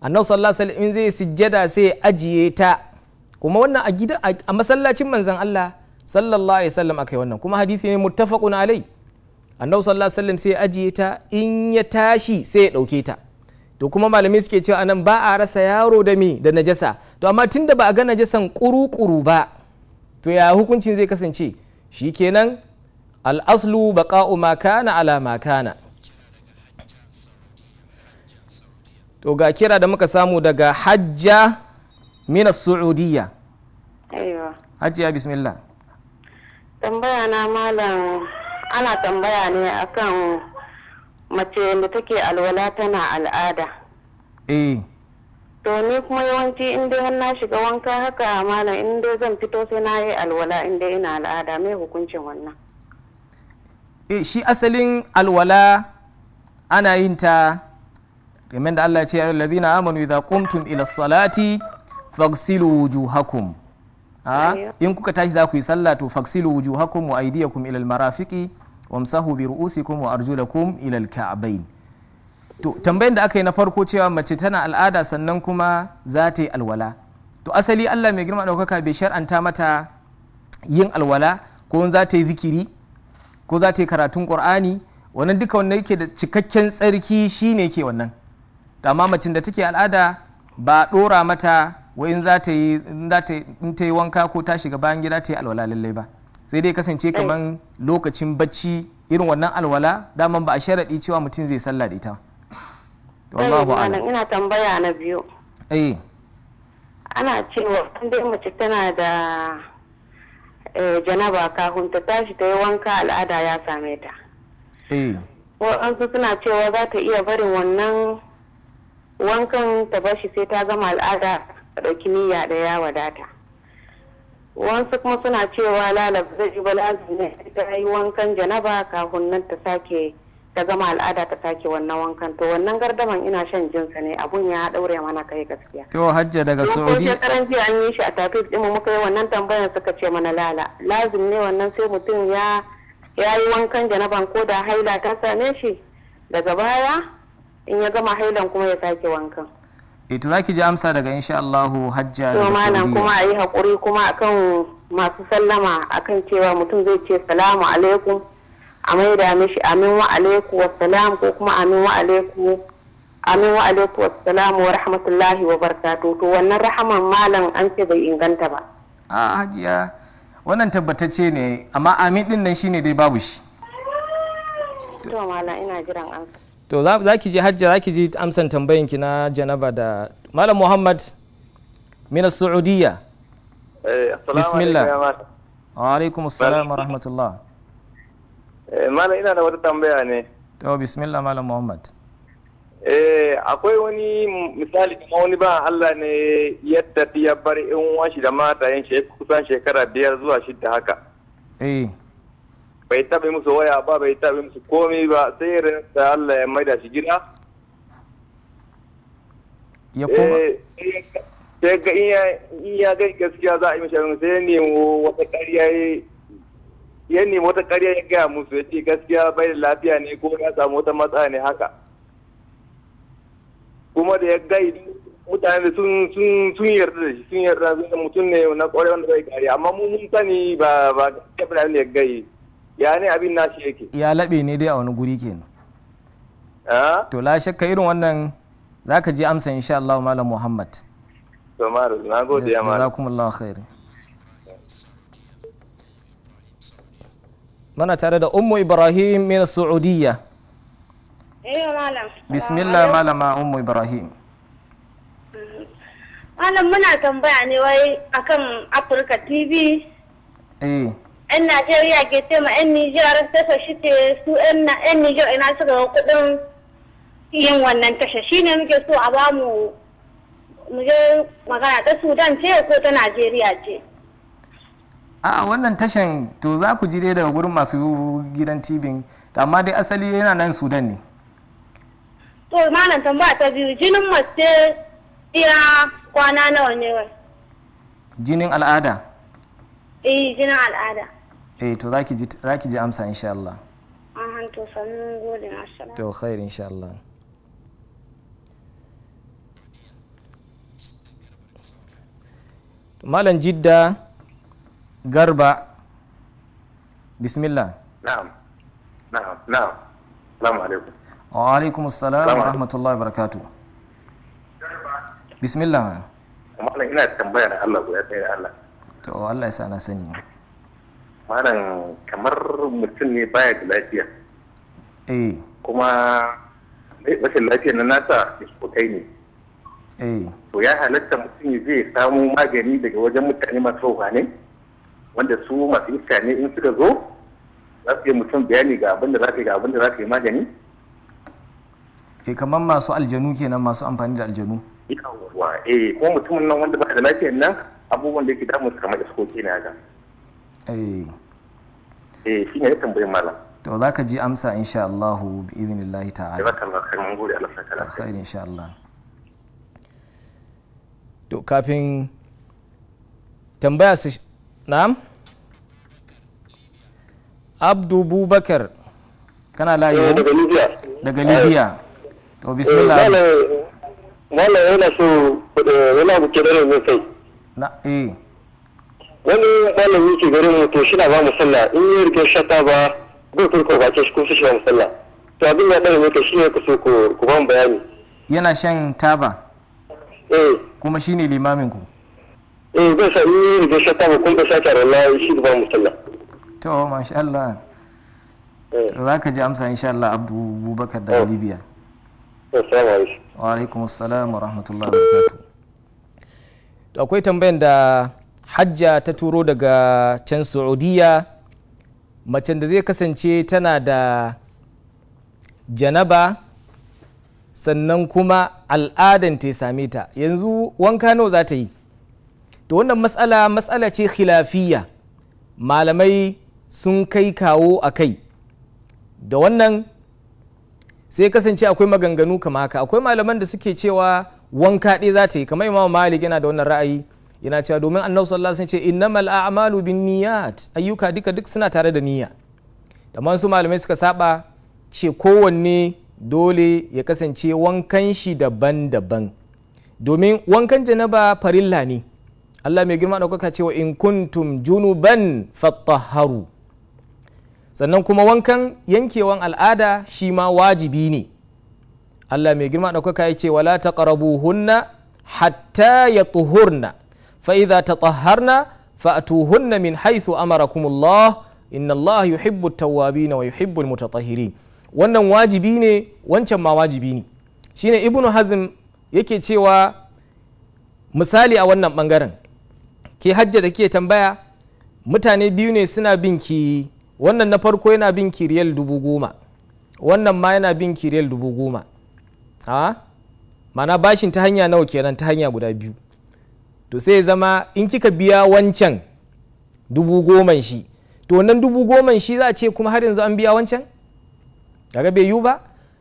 annabi sallallahu alaihi in zai sujjada sai ajiye ta kuma wannan a gida a masallacin manzon Allah sallallahu alaihi wasallam akai wannan kuma hadisi ne muttafaqun alai annabi sallallahu alaihi wasallam sai ajiye ta in ya tashi sai ya dauke ta to kuma malamai suke cewa anan ba a rasa yaro da me da najasa to amma tunda ba a ga najasan kuru-kuru ba to ya hukuncin zai kasance shikenan al'aslu baƙa'u makana ala makana to ga kira da muka samu daga hajja minas su'udiyya hajjiya bismillah tambaya na malam ana tambaya ne kan mace da take alwala tana al'ada eh to ni kuma yawanci in dai har na shiga wanka haka malam inda zan fito sai na yi alwala inda dai ina al'ada mai hukuncin wannan Eh, shi asalin alwala ana yin ta kamar da Allah ce ya allazina amanu idza qumtum ila salati faghsilu wujuhakum ah, in kuka tashi za ku yi sallah to faghsilu wujuhakum wa aydiyakum ila almarafiqi wamsahu bi ru'usikum wa arjulakum ila alka'bayn to tambayin da aka yi na farko cewa mace tana al'ada sannan kuma za ta yi alwala to asali Allah mai girma daukaka bai shar'anta mata yin alwala ko za ta yi zikiri ko za ta yi karatun qur'ani wannan duka wannan yake da cikakken tsarki shi ne ke wannan amma macin da take al'ada ba a ɗora mata wa in za ta yi in ta yi wanka ko ta shiga bayan gida ta yi alwala lallai ba sai dai kasance eh. kamar lokacin bacci irin wannan alwala daman ba a sharaɗi cewa mutum zai sallah da ita wallahu eh, a'lam ina tambaya na biyu eh. ana cewa in dai mace tana da Eh, janaba kafin ta tashi ta yi wanka al'ada ya same ta eh. waɗansu suna cewa za ta iya barin wannan wankan ta bashi sai ta zama al'ada a ɗauki niyya da ya wadata wasu kuma suna cewa lalab zai ji bala'azu ne ta yi wankan janaba kafin nan ta sake ta gama al'ada ta sake wannan wankan to wannan gardaman ina shan jinsa ne abun ya daure mana kai gaskiya to hajja daga saudi ko karan jiya an yi shi a tafif din muka yi wannan tambayar suka ce mana lala lazim ne wannan sai mutum ya ya yi wankan janaban ko da haila ta same shi daga baya in ya gama hailan kuma ya sake wankan eh, to za ki ji amsa daga insha Allahu hajja da malam kuma a yi haƙuri kuma akan masu sallama akan cewa mutum zai ce salamu alaikum a maida mishi amin wa alaiku salam ko kuma amin wa alaiku amin wa alaiku salam wa rahmatullahi wa barkatu, to wannan rahaman malam an ce bai inganta ba a hajiya wannan tabbatacce ne amma amin din nan shine dai babu shi to malam ina jiran an to za ki ji hajja za ki ji amsan tambayin ki na janaba da malam muhammad min as-saudiya eh, bismillah wa alaikum assalam wa rahmatullah Eh, malam ina da wata tambaya ne to bismillah malam muhammad eh akwai wani misali kuma wani ba Allah ne yadda ya bar in washi da mata yin kusan shekara biyar zuwa shidda haka eh bai taɓa musu waya ba bai taɓa musu komai ba sai da Allah ya maida shi gida ya koma eh, sai ga in ya ga gaskiya za a yi mishi sai nemo wata ƙarya ya nemi wata ƙarya ya gaya musu ya ce gaskiya bai da lafiya ne ko ya samu wata matsala ne haka kuma da ya gai mutane sun sun sun yarda da shi sun yarda da mutum ne na kware wanda zai gari amma mu mun sani ba ba kafin da ya gai ya ne abin nashi yake ya laɓe ne dai a wani guri kenan to la shakka irin wannan zaka ji amsa insha Allah malam Muhammad to na gode ya malam jazakumullahu khairan mana tare da Ummu Ibrahim min Saudiya. malam. Bismillah malama Ummu Ibrahim. Mm-hmm. Malam muna tambaya ne wai akan Afirka TV. Eh. Yan Najeriya ke ce ma yan Nijar tasa shi ce su yan Nijar ina suka ga kuɗin yin wannan tasha shi ne muke so a bamu mu je magana ta Sudan ce ko ta Najeriya ce. a wannan tashan to za ku ji dai daga gurin masu gidan tv amma dai asali yana nan sudan ne to malam tambaya ta biyu jinin mace iya kwana nawa ne wai jinin al'ada eh jinin al'ada eh to za ki ji amsa insha Allah to sannu gode mashallah to khair insha Allah malam jidda garba bismillah na'am na'am na'am salamu alaikum wa alaikum assalam wa rahmatullahi wa barakatuh bismillah malam ina tambaya da Allah ya tsaye da Allah to Allah ya sa na sani malam kamar mutum ne baya da lafiya eh kuma rashin lafiyar na nasa ispotai ne eh to ya halatta mutum zai samu magani daga wajen mutane masu ne? wanda su masu iska ne in suka zo za su yi mutum bayani ga abin da za ka yi ga abin da za ka yi magani eh kamar masu aljanu kenan masu amfani da aljanu yawwa eh ko mutumin nan wanda ba da lafiyar nan abubuwan da yake damun su kamar iskoki ne haka eh eh shine ya tambayi malam to za ka ji amsa insha Allah bi idinillahi ta'ala jazakallahu khairan gode Allah saka lafiya khair insha Allah to kafin tambaya su na'am abdu bubakar kana layi eh, daga libya daga libya to bismillah wala eh, yana so eh, wani abu ke dare mai kai na eh wani malami ke garin mu to shi na ba mu sallah in yi rike shata ba zai turko bakin shi ko shi ba mu sallah to abin ya dare ne shi ne ku so ku ba mu bayani yana shan taba eh kuma shine limamin ku eh zai sami da shata ba kun da shata rallahi shi ba mutalla to masha Allah eh. za ka ji amsa insha Allah Abubakar da oh. Libya eh, wa alaikum assalam wa rahmatullahi wa barakatuh to akwai tambayar da hajja ta turo daga can Saudiya macen da zai kasance tana da janaba sannan kuma al'adan ta same ta yanzu wanka nawa za ta yi to wannan matsala matsala ce khilafiyya malamai sun kai kawo a kai da wannan sai kasance akwai maganganu kama haka akwai malaman da suke cewa wanka ɗaya za ta yi kamar imam malik yana da wannan ra'ayi yana cewa domin annabi sallallahu alaihi wasallam ce innamal a'malu bin niyyat ayyuka duka duk suna tare da niyya amma su malamai suka saba ce kowanne dole ya kasance wankan shi daban-daban domin wankan janaba farilla ne Allah mai girma ɗaukaka cewa in kuntum junuban fattaharu sannan kuma wankan yankewan al'ada shi ma wajibi ne Allah mai girma ɗaukaka ya ce wala hunna hatta ya yatuhurna fa idza tatahharna fa'tuhunna min haisu, amarakumullah inna Allah yuhibbu at wa yuhibbu al wannan wajibi ne wancan ma wajibi ne shine ibnu hazm yake cewa misali a wannan bangaren ke hajja da ke tambaya mutane biyu ne suna bin ki wannan na farko yana bin ki riyal dubu goma wannan ma yana bin ki riyal dubu goma ha mana bashin ta hanya nawa kenan ta hanya guda biyu to sai zama in kika biya wancan dubu goman shi to wannan dubu goman shi za a ce kuma har yanzu an biya wancan daga bai yiwu ba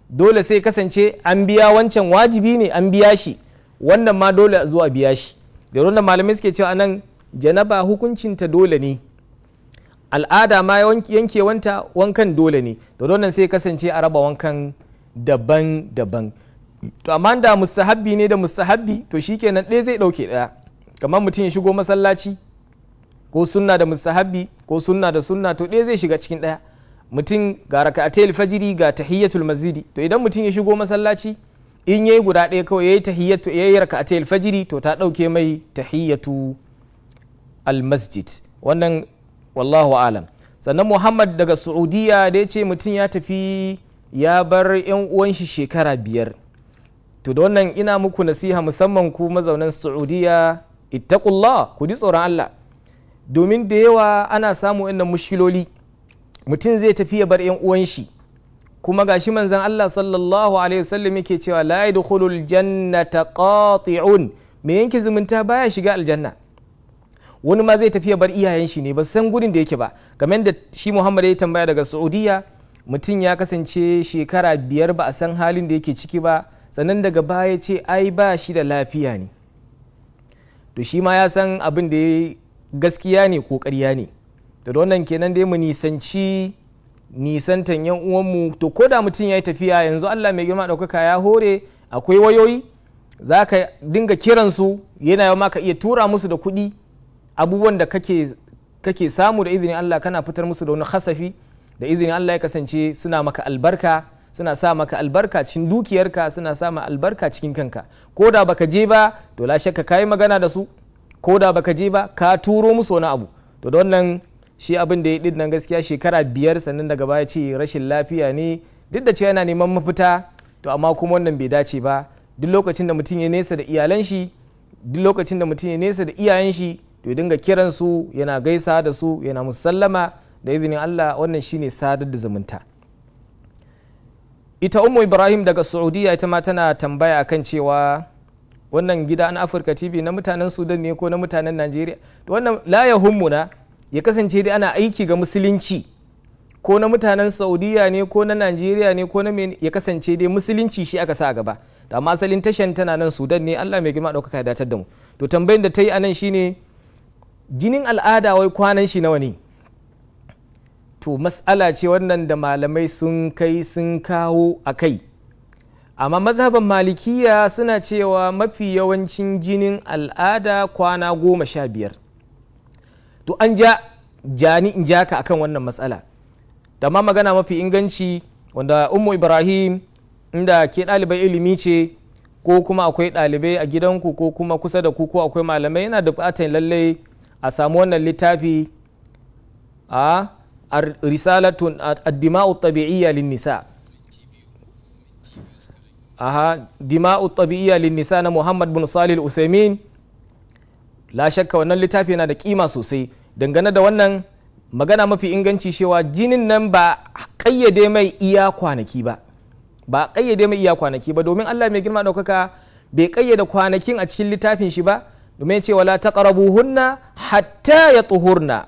dole sai kasance an biya wancan wajibi ne an biya shi wannan ma dole a zo a biya shi da wannan malamai suke cewa anan janaba hukuncinta dole ne al'ada ma yankewanta wankan dole ne da wannan sai kasance a raba wankan daban-daban to amma da mustahabbi ne da mustahabbi to shikenan ɗaya zai ɗauke ɗaya kamar mutum ya shigo masallaci ko sunna da mustahabbi ko sunna da sunna to ɗaya zai shiga cikin ɗaya mutum ga raka'atai fajiri ga tahiyyatul masjidi to idan mutum ya shigo masallaci in yayi guda ɗaya kawai yayi tahiyyatu yayi raka'atai fajiri to ta ɗauke mai tahiyyatu almasjid wannan wallahu alam sannan muhammad daga saudiya da ya ce mutum ya tafi ya bar yan uwan shi shekara biyar to da wannan ina muku nasiha musamman ku mazaunan saudiya ittaqullah ku ji tsoron allah domin da yawa ana samu wannan mushkiloli mutum zai tafi ya bar yan uwan shi kuma gashi manzon Allah sallallahu alaihi wasallam yake cewa la yadkhulul jannata qati'un me yanke zumunta baya shiga aljanna wani ma zai tafiya bar iyayen shi ne ba san gurin da yake ba game da shi muhammad ya tambaya daga saudiya mutum ya kasance shekara biyar ba a san halin da yake ciki ba sannan daga baya ce ai ba shi da lafiya ne to shi ma ya san abin da ya gaskiya ne ko ƙarya ne da wannan kenan dai mu nisanci nisantan yan uwanmu to ko da mutum ya yi tafiya yanzu allah mai girma ɗaukaka ya hore akwai wayoyi za ka dinga kiransu yana yawa ma ka iya tura musu da kuɗi abubuwan da kake samu da izinin Allah kana fitar musu da wani hasafi da izinin Allah ya kasance suna maka albarka suna sa maka albarka cikin dukiyarka suna sa maka albarka cikin kanka ko da baka je ba to la shakka kai magana da su ko da baka je ba ka turo musu wani abu to da wannan shi abin da ya din nan gaskiya shekara biyar sannan daga baya ce rashin lafiya ne duk da cewa yana neman mafita to amma kuma wannan bai dace ba duk lokacin da mutum ya nesa da iyalan shi duk lokacin da mutum ya nesa da iyayen shi to ya dinga kiran su yana gaisa da su yana musallama da izinin Allah wannan shine sadar da zumunta ita ummu ibrahim daga saudiya ita ma tana tambaya akan cewa wannan gida na afirka tv na mutanen sudan ne ko na mutanen najeriya to wannan la ya hummuna ya kasance dai ana aiki ga musulunci ko na mutanen saudiya ne ko na najeriya ne ko na ya kasance dai musulunci shi aka sa a gaba da amma asalin tashan tana nan sudan ne allah mai girma ɗaukaka ya datar da mu to tambayin da ta yi a nan shine jinin al'ada wai kwanan shi nawa ne to matsala ce wannan da malamai sun kai sun kawo a kai amma mazhaban malikiya suna cewa mafi yawancin jinin al'ada kwana goma sha biyar to an ja jani in jaka akan wannan matsala da ma magana mafi inganci wanda ummu ibrahim inda ke ɗalibai ilimi ce ko kuma akwai ɗalibai a gidanku ko kuma kusa da ku ko akwai malamai yana da buƙatar lallai a samu wannan littafi a risalatun addima'u tabi'iyya lin nisa aha dima'u tabi'iyya lin nisa na Muhammad bin salil Usaimin la shakka wannan littafi yana da kima sosai dangane da wannan magana mafi inganci cewa jinin nan ba kayyade mai iya kwanaki ba ba kayyade mai iya kwanaki ba domin Allah mai girma daukaka bai kayyade kwanakin a cikin littafin shi ba domin ya ce wala hunna hatta ya tuhurna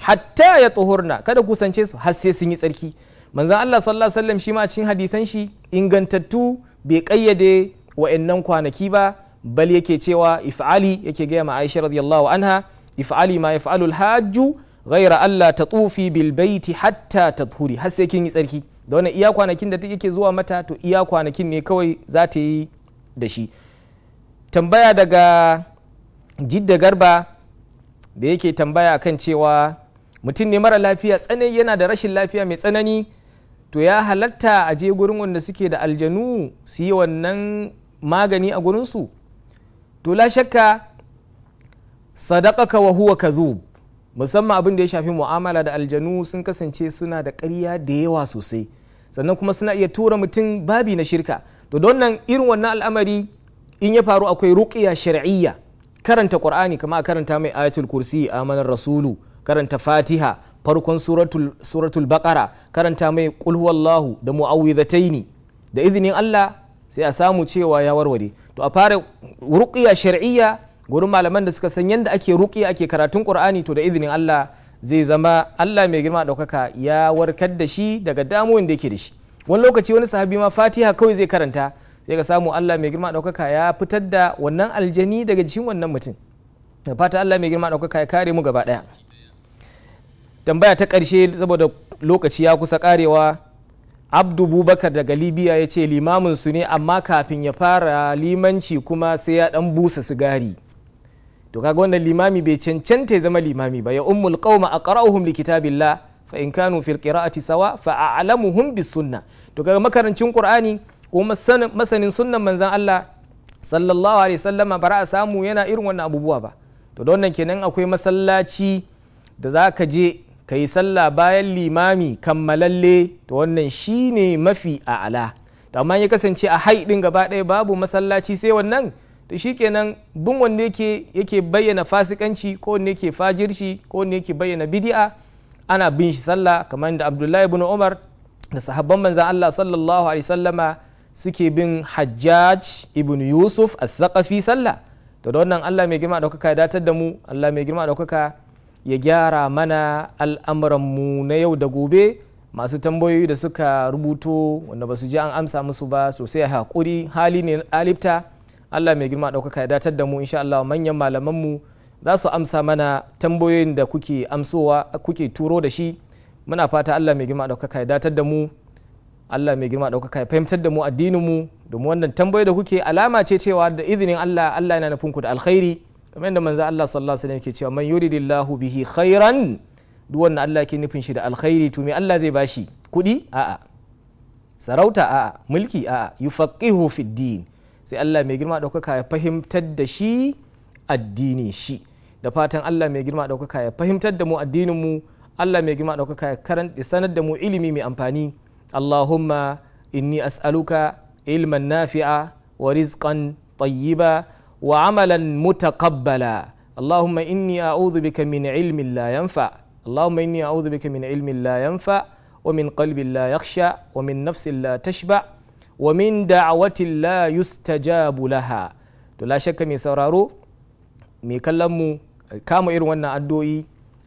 hatta ya tuhurna kada kusance su har sai sun yi tsarki manzan Allah sallallahu alaihi wasallam shi ma cikin hadithan shi ingantattu bai kayyade wa'annan kwanaki ba bal yake cewa if'ali yake gaya ma Aisha radiyallahu anha if'ali ma yaf'alu hajju ghaira Allah ta tsufi bil baiti hatta tadhuri har sai kin yi tsarki da wannan iya kwanakin da take zuwa mata to iya kwanakin ne kawai za ta yi da shi tambaya daga jidda garba da yake tambaya kan cewa mutum ne mara lafiya tsanani yana da rashin lafiya mai tsanani to ya halatta a je gurin wanda suke da aljanu su yi wannan magani a gurinsu to la shakka sadaqaka wa huwa musamman abin da ya shafi mu'amala da aljanu sun kasance suna da ƙarya da yawa sosai sannan kuma suna iya tura mutum babi na shirka to don nan irin wannan al'amari in ya faru akwai ruqiya shar'iyya karanta qur'ani kama a karanta mai ayatul kursi amanar rasulu karanta fatiha farkon suratul suratul karanta mai qul huwallahu da muawwidhataini da izinin Allah sai a samu cewa ya warware to a fara ruqiya shar'iyya gurin malaman da suka san yadda ake ruqiya ake karatun qur'ani to da izinin Allah zai zama Allah mai girma daukaka. ya warkar da shi daga damuwan da yake da shi wani lokaci wani sahabi ma fatiha kawai zai karanta sai ka samu Allah mai girma ɗaukaka ya fitar da wannan aljani daga jikin wannan mutum da fata Allah mai girma ɗaukaka ya kare mu gaba ɗaya tambaya ta karshe saboda lokaci ya kusa karewa abdu bubakar daga libya ya ce limamin su ne amma kafin ya fara limanci kuma sai ya ɗan busa sigari to kaga wannan limami bai cancanta ya zama limami ba ya ummul qauma aqra'uhum likitabillah fa in kanu fil qira'ati sawa fa a'lamuhum bis sunnah to kaga makarancin qur'ani ko masanin sunnan manzan Allah sallallahu alaihi sallama bara a samu yana irin wannan abubuwa ba to don nan kenan akwai masallaci da za ka je ka yi sallah bayan limami kammalalle to wannan shi ne mafi a'ala to amma ya kasance a haiɗin gaba ɗaya babu masallaci sai wannan to kenan bin wanne yake yake bayyana fasikanci ko wanda yake fajirci ko wanda yake bayyana bidi'a ana bin shi sallah kamar da Abdullahi ibn Umar da sahabban manzan Allah sallallahu alaihi sallama suke bin hajjaj ibn yusuf al-thaqafi sallah to da wannan allah mai girma ɗaukaka ya datar da mu allah mai girma ɗaukaka ya gyara mana mu na yau da gobe masu tambayoyi da suka rubuto wanda ba su ji an amsa musu ba sosai a haƙuri hali ne alifta allah mai girma ɗaukaka ya datar da mu insha allah manyan malamanmu za su amsa mana tambayoyin da kuke amsowa kuke turo da shi muna fata allah mai girma ɗaukaka ya datar da mu Allah mai girma ɗaukaka ya fahimtar da mu addinin mu domin wannan tambayi da kuke alama ce cewa da izinin Allah Allah yana nufin ku da alkhairi kamar yadda manzo Allah sallallahu alaihi wasallam yake cewa man yuridillahu bihi khairan duk wanda Allah ke nufin shi da alkhairi to me Allah zai bashi kuɗi a'a sarauta a'a mulki a'a yufaqihu fid din sai Allah mai girma ɗaukaka ya fahimtar da shi addinin shi da fatan Allah mai girma ɗaukaka ya fahimtar da mu addinin mu Allah mai girma ɗaukaka ya karanta sanar da mu ilimi mai amfani اللهم إني أسألك علما نافعا ورزقا طيبا وعملا متقبلا اللهم إني أعوذ بك من علم لا ينفع اللهم إني أعوذ بك من علم لا ينفع ومن قلب لا يخشى ومن نفس لا تشبع ومن دعوة لا يستجاب لها to la shakka mai sauraro mai kallon mu kama irin wannan addu'o'i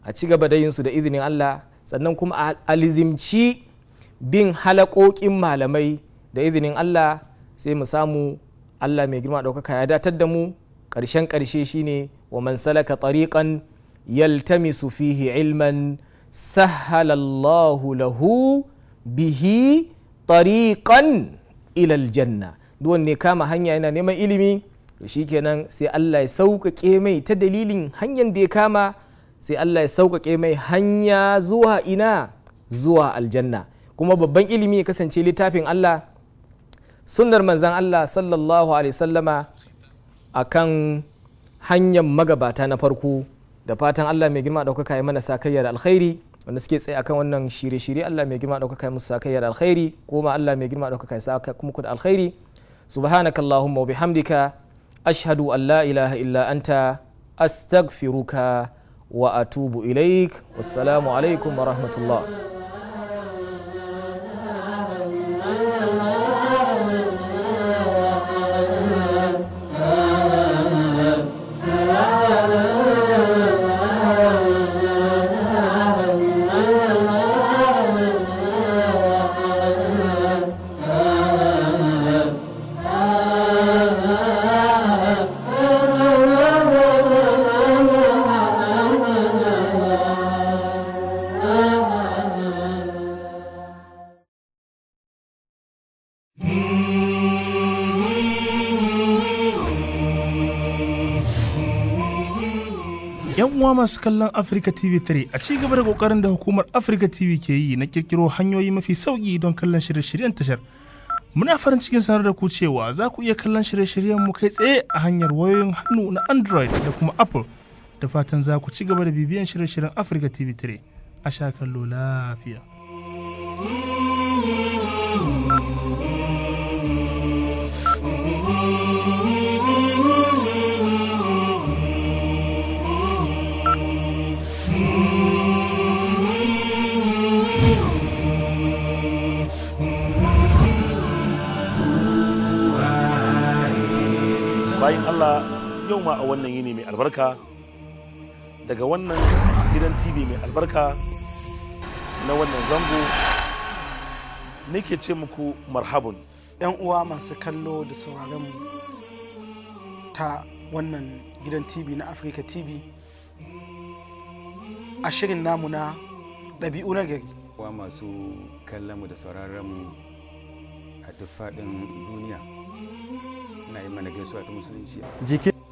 a ci gaba da yin su da izinin Allah sannan kuma a alizimci bin halakokin malamai da izinin Allah sai mu samu Allah mai girma ɗaukaka ya datar da mu ƙarshen ƙarshe shine wa man salaka tariqan yaltamisu fihi ilman sahhalallahu lahu bihi tariqan ilal janna duk ne kama hanya yana neman ilimi to shikenan sai Allah ya sauƙaƙe mai ta dalilin hanyar da ya kama sai Allah ya sauƙaƙe mai hanya zuwa ina zuwa aljanna kuma babban ilimi ya kasance littafin Allah sunnar manzan Allah sallallahu alaihi sallama a kan hanyar magabata na farko da fatan Allah mai girma ɗaukaka ya mana sakayya da alkhairi wanda suke tsaye akan wannan shirye-shirye Allah mai girma ɗaukaka ya musu sakayya da alkhairi kuma Allah mai girma ɗaukaka ya kuma ku da alkhairi subhanaka allahumma wa bihamdika ashhadu an la ilaha illa anta astaghfiruka wa atubu ilaik wassalamu alaikum wa rahmatullah uwa masu kallon Africa TV 3 a ci gaba da kokarin da hukumar Africa TV ke yi na kirkiro hanyoyi mafi sauki don kallon shirye-shiryen tashar. Muna farin cikin sanar da ku cewa za ku iya kallon shirye-shiryen mu kai tsaye a hanyar wayoyin hannu na Android da kuma Apple. Da fatan za ku ci gaba da bibiyan shirye-shiryen Africa TV 3 a sha kallo lafiya. Allah yau ma a wannan yini mai albarka daga wannan gidan tv mai albarka na wannan zango nake ce muku marhabun yan uwa masu kallo da sauraron ta wannan gidan tv na afirka tv a shirin namu na ɗabi'u na gari wa masu kallonmu da sauraronmu a duk faɗin duniya ina yi mana gaisuwa ta musulunci jiki